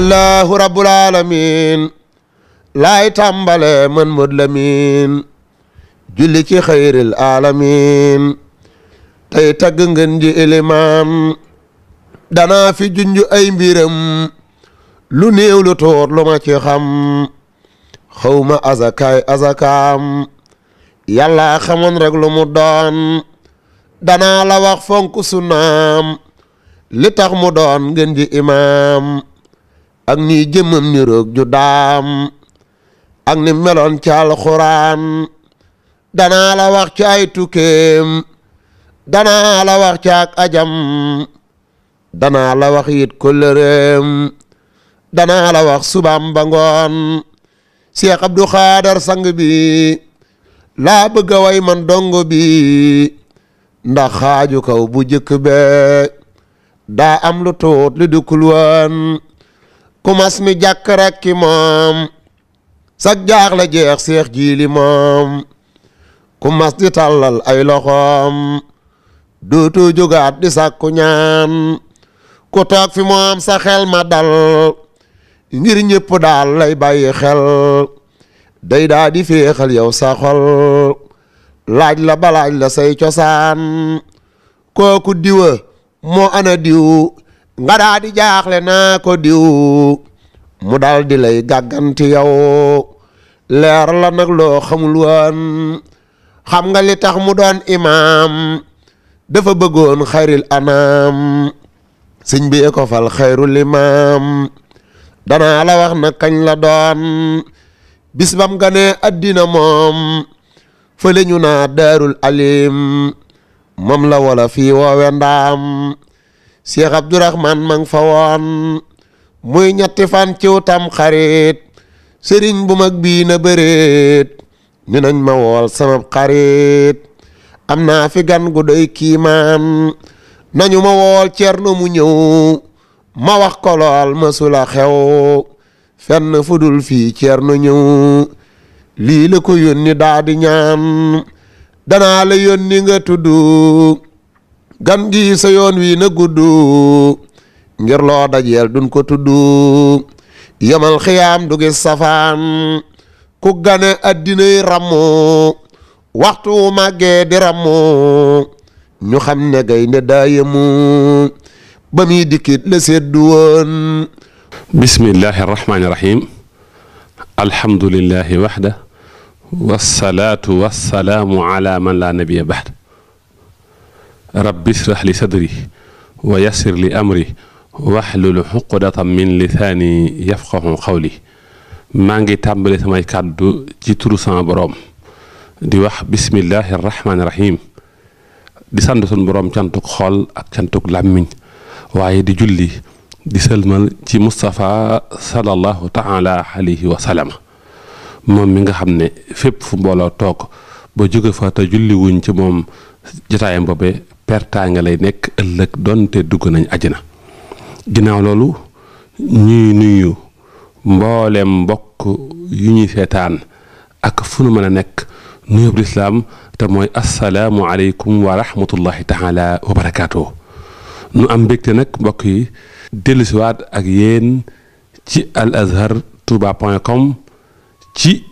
allahu rabbul alamin laay tàmbale mën mët julli ci xayril alamin tey tagg ngeen ji ilimaan danaa fi junj ay mbiram lu néew lu tóor lu ma ci xam xawma azakaay azakaam yàlla xamoon rek lu mu doon danaa la wax fonk sunnaam li tax doon ngeen ji imaam ak nii jëmmam niroog ju daam ak ni meloon ci alxuraan danaa la wax ci ay tukkeem danaa la wax ci ajam danaa la wax yit kóllëreem danaa la wax subaam ba ngoon Cheikh Abdou Khader sang bi laa bëgg a way man dongo bi ndax xaaju kaw bu jëkk be daa am lu tuut lu dukkul woon ku mas mi jàkk rakki moom sag jaax la jeex seex jiili moom ku mas di tàllal ay loxoom dootu jógaat di sàkku ñaan ku toog fi moom sa xel ma dal ngir ñëpp daal lay bàyyi xel day daa di féexal yow sa xol laaj la balaaj la say cosaan kooku diwa moo ana diw nga daa di jaaxle naa ko diw mu daal di lay gàgganti yow leer la nag loo xamul woon xam nga li tax mu doon imaam dafa bëggoon xayril anaam sëñ bi ko fal xayrul imaam danaa la wax nag kañ la doon bis bam ganee addina moom fële naa daarul alim moom la wala fii woowe ndaam Cheikh Abdourahman ma ngi fa woon muy ñetti fan ciw tam xarit sëriñ bu mag bii na bëreet ñu nañ ma wool sama xarit am naa fi gan gu doy kiimaan nañu ma wool Cerno mu ñëw ma wax ko lool ma sula xew fenn fudul fii Cerno ñëw lii la ko yónni daa ñaan danaa la yónni nga tudd gan gi yoon wi na gudd ngir loo dajeel duñ ko tudd yamal xiyaam du safaan ku gane addinay rammu waxtu màggee di rammu ñu xam ne gaynde daa yemu ba muy dikkit la seddu woon bismillahi arrahmani irrahim alhamdulillahi waxda wasalaatu wasalaamu ala man laa nabiya baxda rabbi israh li sadri wa yassir li amri waxlul xuqdatam min lisaani yafqahu xawli maa ngi tàmbale samay kàddu ci turu sama boroom di wax bismillahi rahmaani rahim di sant sunu boroom cantuk xool ak cantuk làmmiñ waaye di julli di sëlmal ci Moustapha sallallahu taala alayhi wa moom mi nga xam ne fépp fu mbooloo toog ba jóge fa te julli wuñ ci moom jotaayam boobee pertaanga lay nekk ëllëg donte dugg nañ àjjana ginnaaw loolu ñuy nuyu mboolem mbokk yu ñuy seetaan ak fu nu mën a nekk nuyub lislaam te mooy asalaamu aleykum wa rahmatullahi taala wa barakaatu nu am mbégte nag mbokk yi dellusiwaat ak yéen ci al azhar touba point ci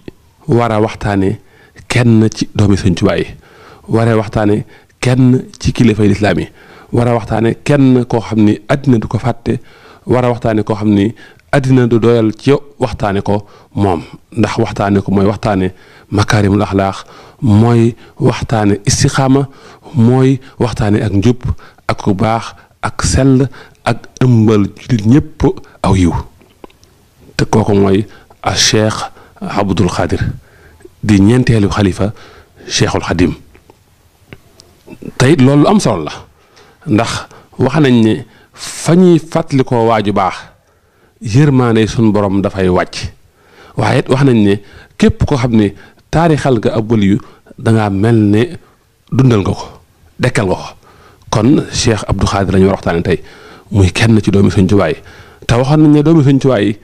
war waxtaane kenn ci doomi sëñ Tuubaa yi waree waxtaane kenn ci kilifay lislaam yi war a waxtaane kenn koo xam ni àddina du ko fàtte war a waxtaane koo xam ni àddina du doyal ci waxtaane ko moom ndax waxtaane ko mooy waxtaane makaarimul axlaax mooy waxtaane istixaama mooy waxtaane ak njub ak ku baax ak sell ak ëmbal jullit ñëpp aw yiw te kooku mooy a cheikh abdul xadir di ñeenteelu xalifa cheikhul xadim tey loolu am solo la ndax wax nañ ne fa ñuy fàttalikoo koo waaju baax yërmaane suñu borom dafay wàcc waaye it wax nañ ne képp koo xam ne taarixal nga ab waliyu dangaa mel ne dundal nga ko dekkal nga ko kon Cheikh Abdou Khadir la ñu war waxtaane tey muy kenn ci doomi Sëñ Tuubaa te waxoon nañ ne doomi Sëñ Tuubaa yi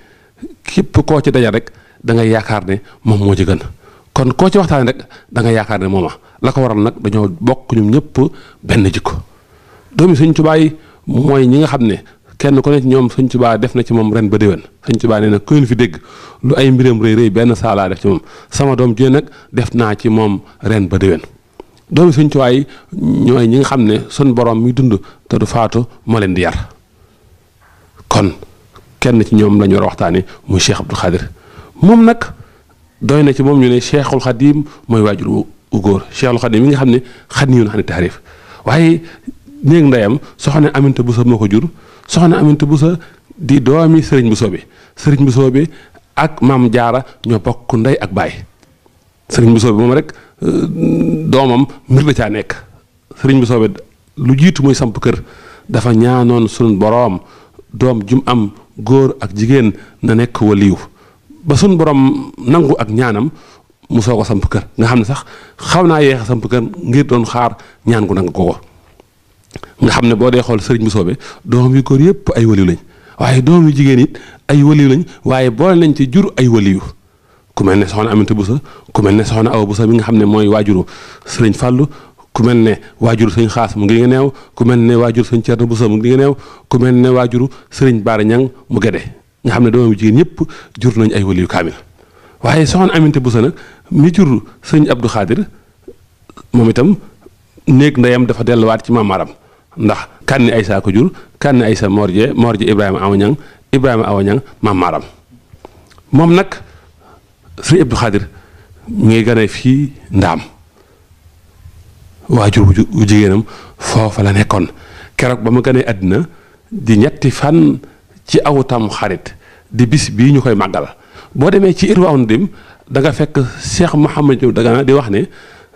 képp koo ci daja rek da ngay yaakaar ne moom moo ci gën kon koo ci waxtaan rek da nga yaakaar ne mooma la ko waral nag dañoo bokk ñum ñëpp benn jikko doomi Sëñ Tuubaa yi mooy ñi nga xam ne kenn ku ne ci ñoom Sëñ Tuubaa def na ci moom ren ba déwén Sëñ Tuubaa nee na kuleen fi dégg lu ay mbiram benn saalaa def sama doom jee nag def naa ci moom ren ba déwén doomi Sëñ Tuubaa ñooy ñi nga xam ne sun boroom mi dund te du faatu moo leen di yar kon kenn ci ñoom lañu ñu war a waxtaanee muy Cheikh Abdou Khadir moom nag. doy na ci moom ñu ne cheikhul xadim mooy waajur wu góor cheikhul xadim mi nga xam ne xat ni xam ne taarif waaye néeg ndeyam soxna bu Bousso moo ko jur soxna bu sa di doomi sëriñ Bousso bi sëriñ Bousso bi ak maam jaara ñoo bokk ndey ak baay sëriñ Bousso bi moom rek euh, doomam mbir da caa nekk sëriñ Bousso bi lu jiitu muy samp kër dafa ñaanoon sunu boroom doom jum am góor ak jigéen na nekk waliyu ba suñ borom nangu ak ñaanam mu soo ko samp kër nga xam ne sax xaw naa yeex a samp kër ngir doon xaar ñaan gu nangu ko nga xam ne boo dee xool sëriñ bu soobee doom yu góor yëpp ay waliw lañ waaye doom yu jigéen yi ay waliw lañ waaye boole nañ ci jur ay waliw ku mel ne soxna Aminata Bousso ku mel ne soxna Awa Bousso bi nga xam ne mooy waajuru sëriñ Fàllu ku mel ne waajuru sëñ Xaas mu ngi neew ku mel ne waajuru sëñ Cerno Bousso mu ngi neew ku mel ne waajuru sëriñ Baara Ñang mu gede nga xam ne doomam yu jigéen ñëpp jur nañ ay waliyu kaamil waaye soxna Aminta Bousso nag mi jur sëñ Abdou Khadir moom itam néeg ndeyam dafa delluwaat ci maamaaram ndax kànni Aysa ko jur kànni Aysa Morje Morje Ibrahima Awañang Ibrahima Awañang maamaaram moom nag sëñ Abdou Khadir mi ngi gane fii ndaam waajur wu jigéenam foofa la nekkoon keroog ba mu ganee àddina di ñetti fan ci aw xarit di bis bii ñu koy màggal boo demee ci Irwaawun Dim danga nga fekk Cheikh Mouhamed Diop Dagana di wax ne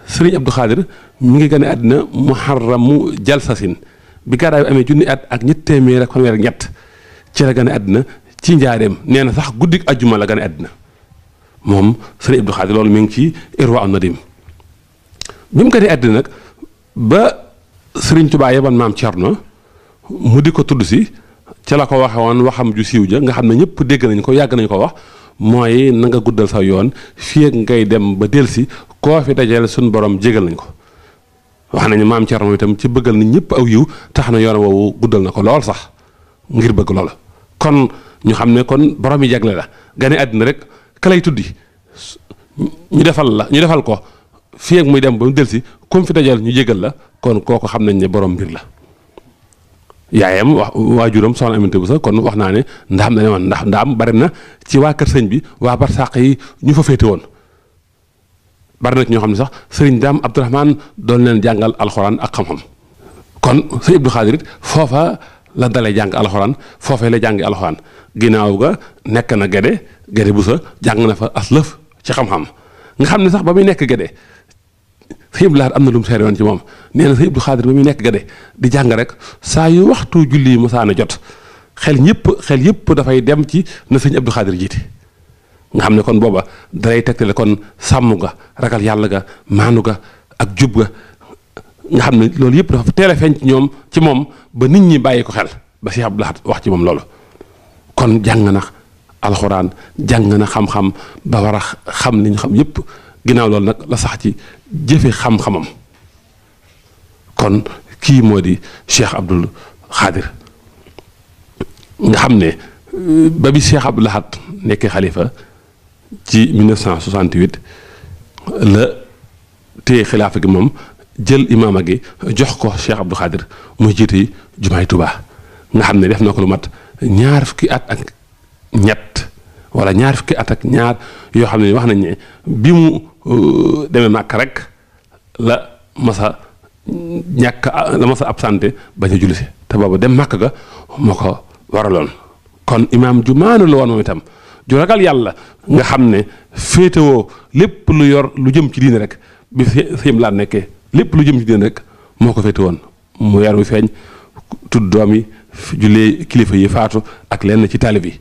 Serigne Abdou Khadir mi ngi gane àddina muharramu jalsasin bi gàddaay bi amee junni at ak ñett ñett ci la gane àddina ci njaareem nee na sax guddik ajjuma la gane àddina moom Serigne loolu mi ngi ci Irwaawun Nadim bi mu gane àddina nag ba Serigne Touba yeban maam Thierno mu di ko tudd si. ci la ko waxe woon waxam ju siw ja nga xam ne ñëpp dégg nañ ko yàgg nañu ko wax mooy nanga guddal sa yoon fii ak ngay dem ba delsi koo fi dajale suñ borom jégal nañ ko wax nañu maam Thierno itam ci bëggal nit ñëpp aw yiw tax na yoon woowu guddal na ko lool sax ngir bëgg loola kon ñu xam ne kon borom yi jagle la gane àddina rek ka lay tuddi ñu defal la ñu defal ko fii muy dem ba mu delsi comme fi dajal ñu jégal la kon kooku xam nañ ne borom mbir la yaayam waa juram soxna Aminata sax kon wax naa ne ndaam dañu woon ndax ndaam bari na ci waa kër sëñ bi waa barsàq yi ñu fa féete woon bari na ci ñoo xam ne sax sëriñ Daam Abdourahman doon leen jàngal alxuraan ak xam-xam kon sëñ Abdou Khadir it foofa la dalee jàng alxuraan foofee la jàngi alxuraan ginnaaw ga nekk na gede gede bu sa jàng na fa aslëf ci xam-xam nga xam ne sax ba muy nekk gede sëñ Abdou Lahad am na lu mu seere woon ci moom nee na sëñ Abdou Xaadir ba muy nekk gade di jàng rek saa yu waxtu julli yi masaana jot xel ñëpp xel yëpp dafay dem ci na sëñ Abdou Xaadir jiite nga xam ne kon booba dalay tegtale kon sàmm nga ragal yàlla ga maanu ga ak jub ga nga xam ne loolu yëpp dafa teel a feeñ ci ñoom ci moom ba nit ñi bàyyi ko xel ba Cheikh Abdou Lahad wax ci moom loolu kon jàng na alxuraan jàng na xam-xam ba war a xam li ñu xam yëpp ginnaaw loolu nag la sax ci jëfe xam-xamam kon kii moo di Cheikh Abdoul Khadir nga xam ne euh, ba bi Cheikh Abdoul Ahad nekkee xalifa ci 1968 la téye xilaafa gi moom jël imaama gi jox ko Cheikh Abdoul Khadir muy jiite jumaay Tuubaa nga xam ne def na ko lu mat ñaar fukki at ak ñett wala ñaar fukki at ñaar yoo xam ne wax nañ ne bi mu euh, demee màkk rek la mosa ñàkk la masa absenté bañ a jullisi te boobu dem màkk ga moo ko waraloon kon imaam ju maanu la woon moom itam ju ragal yàlla nga xam ne féetewoo lépp lu yor lu jëm ci diine rek bi sëyam laa nekkee lépp lu jëm ci diine rek moo ko féete woon mu yar feeñ tudd doom yi jullee kilifa yi faatu ak lenn ci taalib yi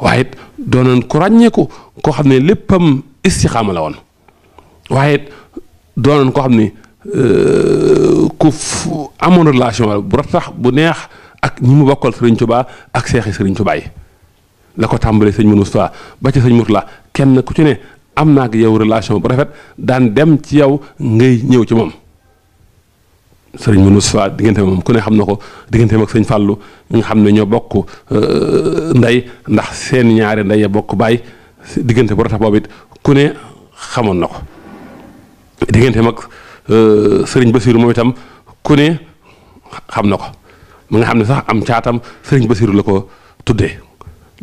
waaye it doonoon ku ràññeeku koo xam ne léppam istixaama la woon waaye it koo xam ne euh, ku amoon relation wala bu ratax bu neex ak ñi mu bokkal Serigne Touba ak seexi Serigne Touba yi la ko tàmbalee sëñ Moustapha ba ci sëñ Mourtala kenn ku ci ne am naa ak yow relation bu rafet daan dem ci yow ngay ñëw ci moom. sëriñ Mounou Moussa diggante moom ku ne xam na ko diggante moom ak sëñ Fàllu nga xam ne ñoo bokk euh, ndey ndax seen ñaari ndey ya bokk baay diggante bu ratax boobu it ku ne xamoon na ko diggante mag euh, sëriñ Basiru moom itam ku ne xam na ko mu nga xam ne sax am caatam sëriñ Basiru la ko tuddee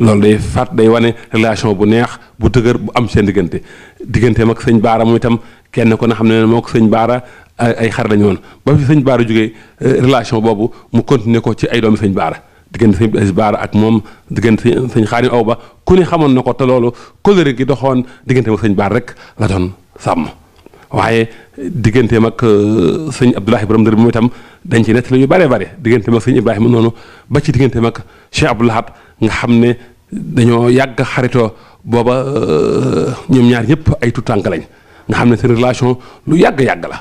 loolu day faat day wane relation bu neex bu dëgër bu am seen diggante digganteem mag sëñ Baara moom itam kenn ko na xam ne moo ko sëñ Baara ay xar lañu woon ba fi sëñ Baara jógee eh, relation boobu mu continuer ko ci ay doomi sëñ Baara diggante sëñ Abdou Baara ak moom diggante sëñ xaari aw ba ku ne xamoon na ko te loolu kóllëre gi doxoon diggante ma sëñ Baara rek la doon sàmm waaye diggante mag eh, sëñ Abdoulahi Borom Ndër moom itam dañ ci nettali yu bare bare diggante mag sëñ Ibrahima noonu ba ci diggante mag Cheikh Abdou nga xam ne dañoo yàgg xaritoo booba eh, ñoom ñaar ñëpp ay tuutànk lañ nga xam ne seen relation lu yàgg-yàgg la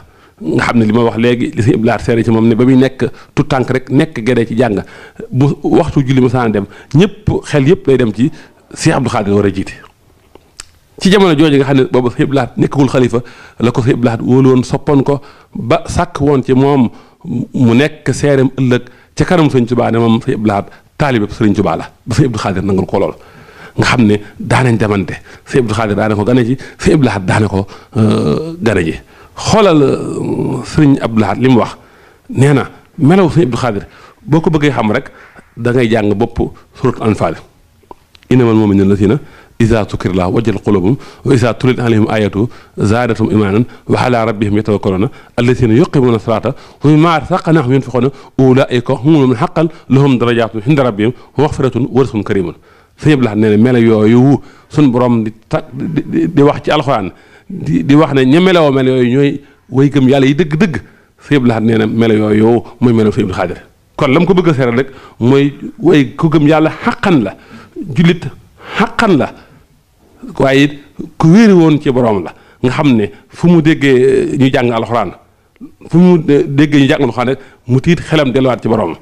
nga xam ne li ma wax léegi li si iblaat seere ci moom ne ba muy nekk tout tànk rek nekk gedee ci jàng bu waxtu julli ma saana dem ñëpp xel yëpp lay dem ci Cheikh Abdou Khadir war a jiite ci jamono jooju nga xam ne boobu Sëñ Abdou Lahad xalifa la ko Sëñ Abdou Lahad wóolu woon soppoon ko ba sàkk woon ci moom mu nekk seereem ëllëg ca kanam Sëñ Tuubaa ne moom Sëñ Abdou Lahad taalibe Sëriñ Tuubaa la ba Sëñ Abdou Xaadir ko lool nga xam ne daanañ demante sëñ Abdou Khadir daane ko gane ji sëñ Abdou Lahad daane ko euh, gane ji xoolal euh, sëñ Abdou Lahad li mu wax nee na melaw sëñ Abdou Khadir boo ko bëggee xam rek da ngay jàng bopp surat anfaal innamal mu'minuuna allaziina izaa zukira llaahu wajilat quluubuhum wa izaa tuliyat alayhim aayaatuhu zaadathum iimaanan wa alaa rabbihim yatawakkaluuna allaziina yuqiimuuna salaata wa mimmaa razaqnaahum yunfiquuna ulaa'ika humul mu'minuuna haqqan lahum darajaatun inda rabbihim wa magfiratun wa rizqun kariimun sëñ bi la ne melo yooyu suñ borom di ta di wax ci alxuraan di wax ne ña meloo melo yooyu ñooy way gëm yàlla yi dëgg-dëgg sëñ bi la nee na melo yooyu mooy melo sëñ bi xaadir kon la mu ko bëgg a seeral rek mooy way ku gëm yàlla xaqan la jullit xaqan la waaye it ku wéeri woon ci boroom la nga xam ne fu mu déggee eh, ñu jàng alxuraan fu mu eh, déggee ñu jàng alxuraan rek mu tiit xelam delluwaat ci boroom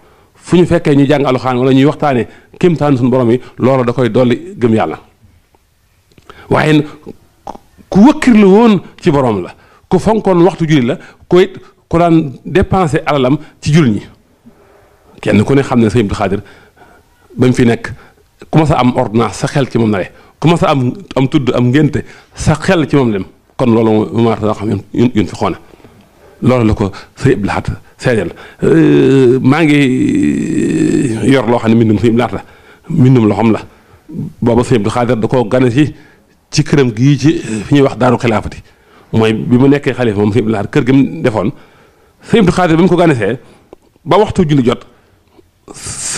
fu ñu fekkee ñu jàng alxuraan wala ñuy waxtaane kéemtaan suñu borom yi loolu da koy dolli gëm yàlla waaye ku la woon ci borom la ku fonkoon waxtu julli la koy it ku daan dépensé alalam ci julli ñi kenn ku ne xam ne sëñ Abdou Xaadir ba mu fi nekk ku ma sa am ordonnance sa xel ci moom nawe ku ma sa am am tudd am ngénte sa xel ci moom dem kon loolu moo tax xam yun fi xoone loolu la ko sëñ Abdou Xaadir seedeel euh, maa ngi euh, yor loo xam ne mbindum sëñ la mbindum loxoom la booba sëñ Abdou Xaadir da koo gane si ci këram gi ci euh, fi ñuy wax daaru xilaafati mooy bi mu nekkee xalifa moom sëñ laata kër gi defoon sëñ Abdou Xaadir bi mu ko ganesee ba waxtu julli jot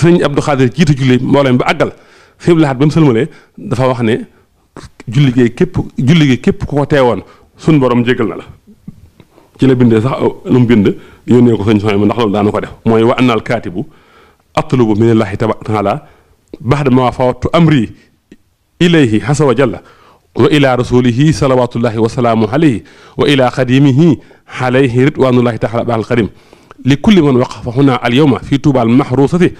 sëñ Abdou Xaadir jiitu julli mboolem ba àggal sëñ Abdou Xaadir ba mu sëlmalee dafa wax ne julli gi képp julli gi képp ku ko teewoon sun borom jégal na la ci la bindee sax lu mu bind yónnee ko sëñ Suhaybu ndax loolu daanu ko def mooy wa annal kaatibu atlubu min allahi taala baxda ma fawattu amri ilayhi hasa wa jalla wa ila rasulihi salawatullahi wa alayhi wa ila xadimihi alayhi ridwanullahi taala baaxal xadim li man waqafa huna al fi tuuba al mahrusati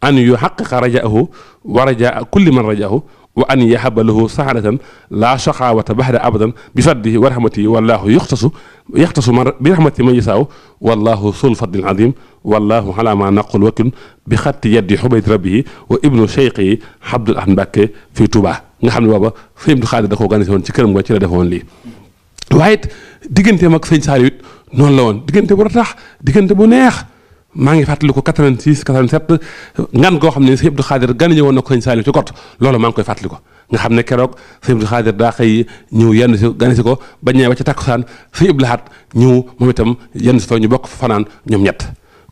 an yuhaqiqa rajaahu wa rajaa man rajaahu wa an yahaba lahu saadatan laa shaqaawata baxda abadan bi faddihi wa rahmatihi wallaahu yuxtasu yaxtasu man bi rahmati man yasaaw wallaahu sul fadlin azim wallaahu ala ma naqul wakil bi xatti yaddi xubayt rabbihi wa ibnu cheikhi Abdul Ahad Mbàkke fii Touba nga xam ne booba sëñ Abdou Xaadir da koo gane si woon ci këram nga ci la defoon lii waaye it digganteem ak sëñ Saaliw it noonu la woon diggante bu ratax diggante bu neex maa ngi fàttaliku 86 87 ngan goo xam ne sëñ Abdou Khadir gan ñëwoon na ko sëñ Saliou ci Kott loolu maa ngi koy fàttaliku nga xam ne keroog sëñ Abdou Khadir daa xëy ñëw yenn si gan si ko ba ñëwee ba ci takkusaan sëñ Abdou Lahat ñëw moom itam yenn si fa ñu bokk fa fanaan ñoom ñett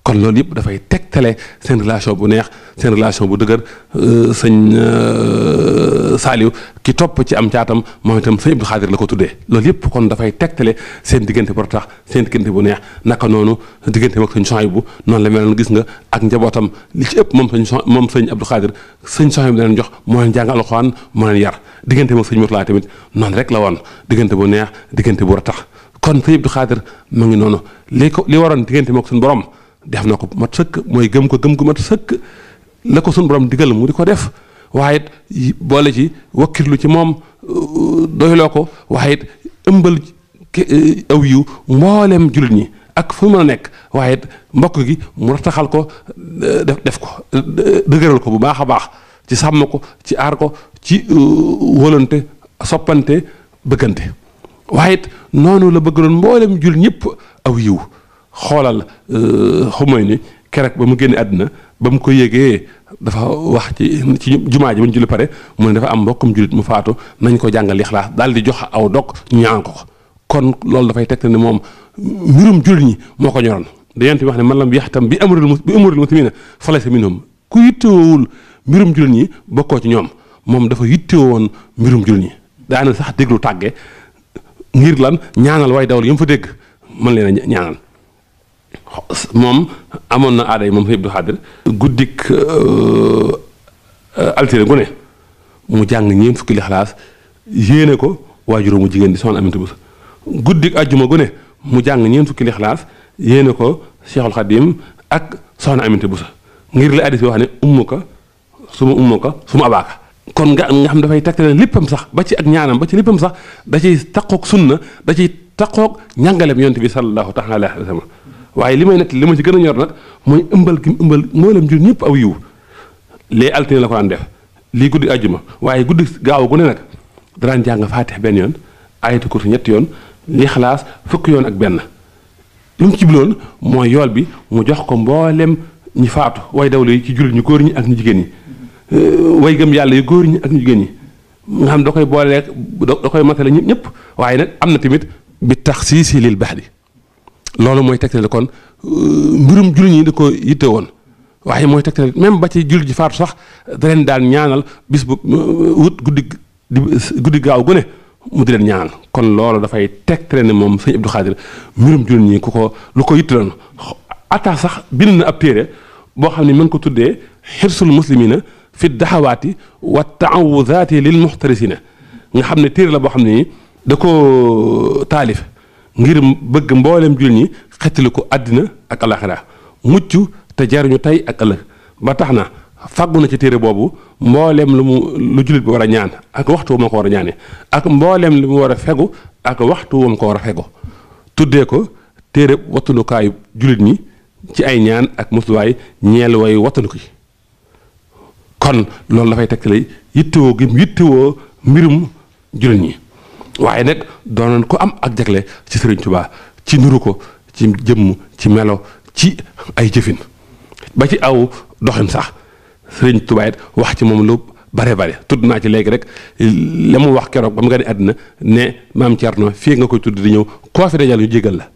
kon loolu yëpp dafay tegtale seen relation bu neex seen relation bu dëgër euh, sëñ euh, Saaliw ki topp ci am caatam moom itam sëñ Abdou Xaadir la ko tuddee loolu yëpp kon dafay tegtale seen diggante bu tax seen diggante bu neex naka noonu diggante ak sëñ Sohaybu noonu la meloon gis nga ak njabootam li ci ëpp moom sëñ so moom sëñ Abdou Xaadir sëñ Sohaybu da leen jox moo leen jàng alxuraan moo leen yar diggante moo sëñ Murtalaa tamit noonu rek la woon diggante bu neex diggante bu ratax kon sëñ Abdou Xaadir mu ngi noonu li ko li waroon diggante mook suñu borom def na ko mat sëkk mooy gëm ko gëm gu mat sëkk la ko suñ borom digal mu di ko def waaye it boole ci lu ci moom euh, doyloo ko waaye it ëmbal euh, aw yiw mboolem jullit ñi ak fu ma nekk waaye mbokk gi mu rattaxal ko euh, def def ko dëgëral ko bu baax a baax ci sàmm ko ci aar ko ci wóolante soppante bëggante waaye it noonu la bëggaloon mboolem jullit ñëpp aw yiw xoolal euh, ni keroog ba mu génne àddina ba mu ko yëgee dafa wax ci ci jumaa ji ba ñu julli pare mu ne dafa am mbokkum jullit mu faatu nañ ko jàngal Lixlaas daal di jox aw dog ñaan ko ko kon loolu dafay teg ne moom mbirum jullit ñi moo ko ñoroon da yonent wax ne man lam yaxtam bi amril bi amril muslimina falaysa minhum ku yittewul mbirum jullit ñi bokkoo ci ñoom moom dafa woon mbirum jullit ñi daana sax déglu tàgge ngir lan ñaanal way dawal yam fa dégg mën leen a ñaanal moom amoon na aada yi moom sëñ Abdou Xaadir guddik euh, altine gu ne mu jàng ñeent fukki lixlaas yéene ko waajuró mu jigéen di soxna Aminata Bousso guddik ajjuma gu ne mu jàng ñeent fukki lixlaas yéene ko Cheikhul Xadim ak soxna Aminata sax ngir li addis bi wax ne ummu ko su ma ummu ka su ma abaaka kon nga nga xam dafay tegtale léppam sax ba ci ak ñaanam ba ci léppam sax da ciy taqoog sunna da ciy taqoog ñàngaleem yonent bi sallallahu taala alayhi wa sallam waaye li may nekk li ma ci gën a ñor nag mooy ëmbal gi mu ëmbal mboolem jur ñëpp aw yiw lee altine la ko daan lii guddi àjjuma waaye guddi gaaw a gune nag danaan jàng faatix benn yoon ayatu kursi ñetti yoon li xalaas fukki yoon ak benn lu mu cibloon mooy yool bi mu jox ko mboolem ñi faatu way dawle yi ci jullit ñu góor ñi ak ñu jigéen ñi way gëm yàlla yu góor ñi ak ñu jigéen ñi nga xam da koy booleeg da koy matale ñëpp waaye nag am na tamit bi tax sii si lil loolu mooy tegtale kon euh, mbirum jullit ñi da ko yitte woon waaye mooy tegtale même ba ci jullit ji faatu sax da leen daan ñaanal bis bu euh, wut guddi gaaw gone ne mu di leen ñaanal kon loolu dafay tegtale ne moom sëñ Abdou Khadir mbirum jullit ñi ku ko lu ko yitte loon ataa sax bind na ab téere boo xam ne mën ko tuddee xirsul muslimina fi daxawaati wa taawudaati lil muxtarisina nga xam ne téere la boo xam ne da ko taalif ngir bëgg mboolem jul ñi xettali ko àddina ak alaxira mucc te jariñu tey ak ëllëg ba tax na fàggu na ci téere boobu mboolem lu mu lu jullit bi war a ñaan ak waxtu wu ma ko war a ñaane ak mbooleem lu mu war a fegu ak waxtu wu ma ko war a fegu tuddee ko téere wattandukaayu jullit ñi ci ay ñaan ak mosuwaay ñeel way wattanduku yi kon loolu dafay tegtale yittewoo gi yittewoo mbirum jullit ñi waaye nag doonoon ko am ak jagle ci Serigne tubaa ci nuru ko ci jëmm ci melo ci ay jëfin ba ci aw doxin sax sëriñ Touba wax ci moom lu bare bare tudd naa ci léegi rek la mu wax keroog ba mu gën a àddina ne maam Thierno fii nga koy tudd di ñëw koo fi dajal ñu jégal la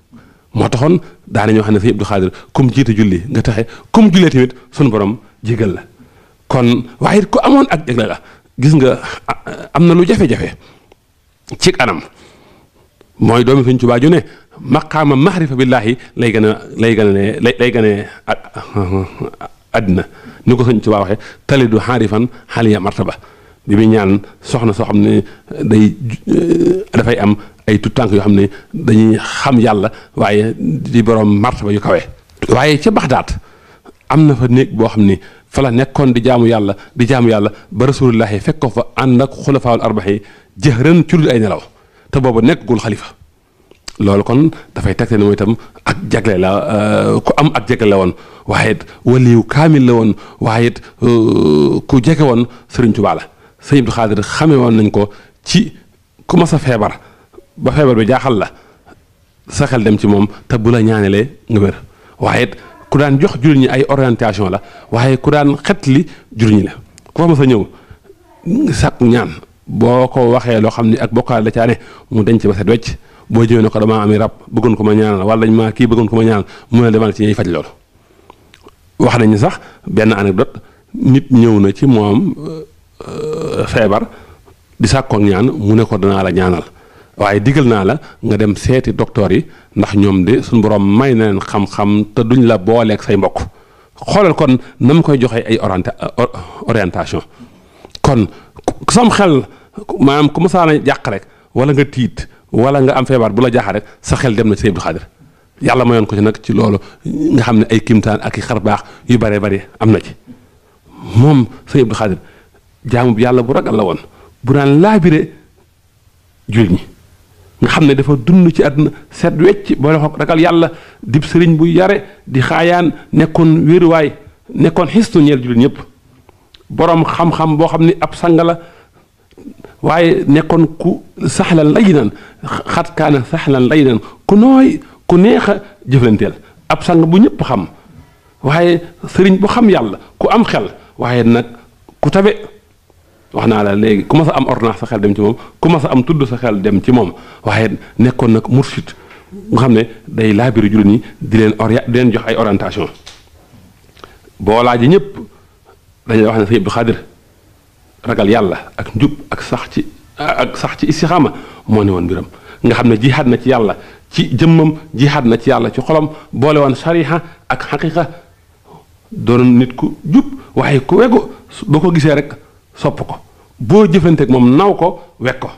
moo taxoon daanañoo xam ne sëñ Abdou Khadir kum jiite julli nga taxe kum jullee tamit sunu borom jégal la kon waaye it ku amoon ak jagle la gis nga am na lu jafe-jafe ci anam mooy doomi Sëñ Tuubaa ju ne maqaama maxrifa billaahi lay gën lay gën ne lay gën a àddina ni ko Sëñ Tuubaa waxee fan xaarifan xaaliya martaba bi muy ñaan soxna soo xam ne day dafay am ay tout tànk yoo xam ne dañuy xam yàlla waaye di borom martaba yu kawe waaye ca Baxdaad am na fa néeg boo xam ni fa la nekkoon di jaamu yàlla di jaamu yàlla ba rasulullahi fekk ko fa ànd ak xulafaawul arbax yi jëx ren ci dul ay nelaw te boobu nekkagul xalifa loolu kon dafay tegte ne mooy itam ak jagle la euh, ku am ak jagle la woon waaye it waliyu kaamil la woon waaye euh, ku jekke woon Sëriñ Tuubaa la sëñ Xaadir xame woon nañ ko ci ku mas a feebar ba feebar bi jaaxal la sa xel dem ci moom te bu la ñaanalee nga wér waaye it ku daan jox juriñ ñi ay orientation la waaye ku daan xetli jullit ñi la ku fa mës a ñëw sàkk ñaan boo ko waxee loo xam ni ak bokkaale da caa ne mu denc ba set wecc boo jëwee ne ko damaa ami rab bëggoon ko ma ñaanal wala ma kii bëggoon ko ma ñaanal mu ne demal ci faj loolu wax sax benn anecdote nit ñëw na ci moom euh, feebar di sàkkook ñaan mu ne ko danaa la ñaanal waaye digal naa la nga dem seeti docteur yi ndax ñoom de suñu borom may na leen xam-xam te duñ la booleeg say mbokk xoolal kon na mu koy joxee ay orientation kon sam xel maanaam ku masaana jàq rek wala nga tiit wala nga am feebar bu la jaaxal rek sa xel dem na ci Abdou Xaadir yàlla mayoon ko ci nag ci loolu nga xam ne ay kimtaan ak i xar baax yu bare bari am na ci moom sëñ Abdou Xaadir jaamu yàlla bu ragal la woon bu daan laabire jullit ñi nga xam ne dafa dund ci àdduna set wecc ba loxo ragal yàlla dib sëriñ bu yare di xaayaan nekkoon wéeruwaay nekkoon xistu ñeel jullit ñëpp boroom xam boo xam ni ab sang la waaye nekkoon ku saxlan lay xat kaana saxlan lay naan ku nooy neex a ab sang bu ñëpp xam waaye sëriñ bu xam yàlla ku am xel waaye nag ku tabe wax naa la léegi ku ma sa am ordonnance sa xel dem ci moom ku ma am tudd sa dem ci moom waaye nekkoon nag mursid nga xam ne day laabiru jullit ñi di leen ori di leen jox ay orientation boo laajee ñëpp dañu wax ne sëñ Abdou Khadir ragal yàlla ak njub ak sax ci ak sax ci istixaama moo ne woon mbiram nga xam ne jihaad na ci yàlla ci jëmmam jihaad na ci yàlla ci xolam boole woon sariha ak xaqiqa doon nit ku jub waaye ku wegu boo ko gisee rek sopp ko boo jëfanteek moom naw ko wekk ko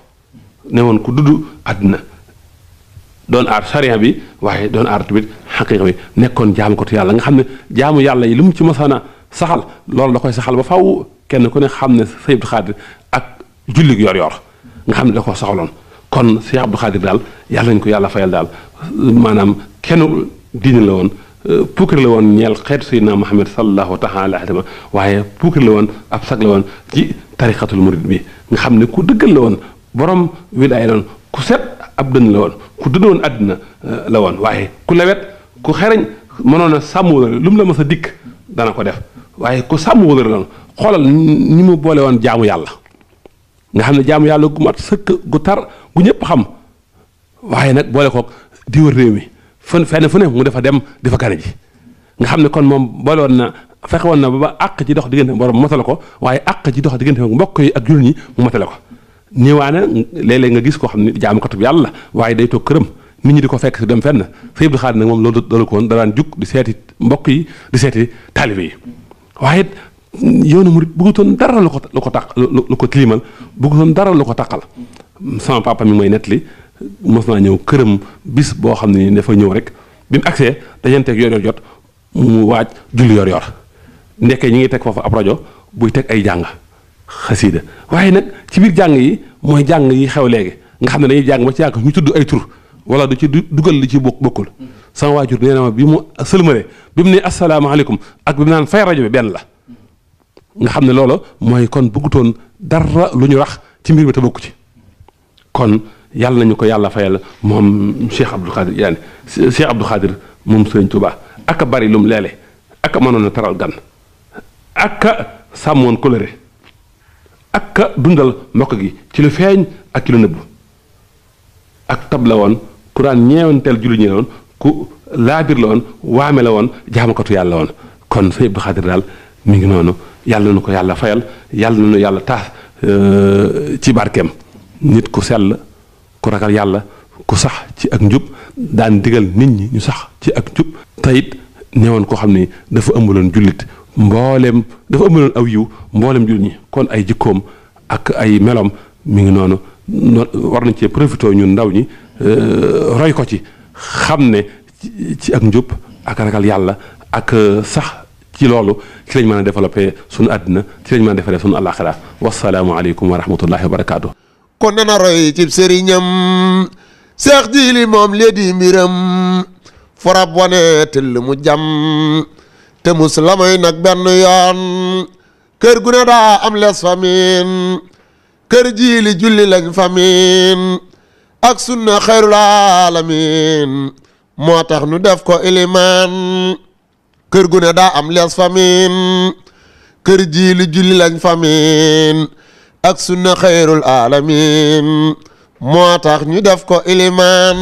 ne woon ku dudd àdduna doon aar sariya bi waaye doon aar tamit xaqiqa bi nekkoon jaamu ko te yàlla nga xam ne jaamu yàlla yi lu mu ci mosaan saxal loolu da koy saxal ba faw kenn ku ne xam ne Sëñ Abdou Khadir ak jullig yor-yor nga xam ne da ko saxaloon kon Sëñ Abdou Khadir daal yàlla nañ ko yàlla fayal daal maanaam kenn diine la woon. pukkar la woon ñeel xeetu sayyidina Muhammad sallallahu taala alayhi wa sallam waaye pukkar la woon ab sag la woon ci tariqatul murid bi nga xam ne ku dëggal la woon borom wilaay la woon ku set ab dënn la woon ku dëddoon àddina eh, la woon waaye ku lewet ku xereñ mënoon a sàmm wóolal lu mu la mës a dikk dana ko def waaye ku sàmm wóolal la woon xoolal ni mu boole woon jaamu yàlla nga xam ne jaamu yàlla gu mat sëkk gu tar gu ñëpp xam waaye nag boole koog di wër réew mi fën fenn fu ne mu defa dem di fa gane nga xam ne kon moom boole woon na fexe woon na ba àq ji dox diggante borom motale ko waaye àq ji dox diggante mbokk yi ak jul ñi mu motale ko ñëwaane léeg-léeg nga gis koo xam ne bi yàlla waaye day toog këram nit ñi di ko fekk si dem fenn sëñ Abdou Khadre nag moom loolu doolu ko woon da daan jug di seeti yi di seeti taalibe yi waaye yoonu murid bëggutoon dara lu ko lu ko taq lu ko tilimal bëggutoon dara lu ko taqal sama papa mi mooy nettali mos naa ñëw këram bis boo xam ne dafa ñëw rek bi mu agsee dajanteeg yor-yor jot mu waaj julli yor-yor ndekkee ñi ngi teg foofu ab rajo buy teg ay jàng xasiida waaye nag ci biir jàng yi mooy jàng yi xew léegi nga xam ne dañuy jàng ba ci yàgg ñu tudd ay tur wala du ci dugal li ci bokk bokkul. sama waajur nee na ma bi mu sëlmale bi mu ne asalaamaaleykum ak bi mu naan fay rajo bi benn la. nga xam ne loolu mooy kon buggutoon dara lu ñu rax ci mbir mi te bokku ci kon. yàlla nañu ko yàlla fayal moom Cheikh Abdou Khadir Diané Cheikh Abdou Khadir moom Serigne Touba ak a bari lum leele ak a mënoon a taral gan ak a sàmmoon coloré ak dundal mbokk gi ci lu feeñ ak ci lu nëbbu ak tab la woon ku daan ñeewanteel julli ñi la woon ku laabir la woon waame la woon jaamakatu yàlla woon kon Serigne Abdou Khadir daal mi ngi noonu yàlla na ko yàlla fayal yàlla na nu yàlla taas euh, ci barkeem nit ku sell. ku ragal yàlla ku sax ci ak njub daan digal nit ñi ñu sax ci ak njub tayit newoon koo xam ni dafa ëmbaloon jullit mbooleem dafa ëmbaloon aw yiw mbooleem jullit ñi kon ay jikkoom ak ay meloom mi ngi noonu war nañ cee profité ñun ndaw ñi euh, roy ko ci xam ne ci ak njub ak ragal yàlla ak euh, sax ci loolu ci lañ mën a développé sunu àddina ci lañ mën a defaree suñu àllaaxira wasalaamu aleykum wa rahmatullahi wa barakaatu. kon nana roy cib sëriñam seex jiili moom lee di mbiram forab wane tëll mu jam te lamay nag benn yoon kër gu ne daa am les famin kër jiili julli lañ famin ak sunna xayrul alamin moo tax nu def ko ilimaan kër gu ne daa am les famin kër jiili julli lañ famin ak sunna xayrul alamin moo tax ñu def ko ilimaan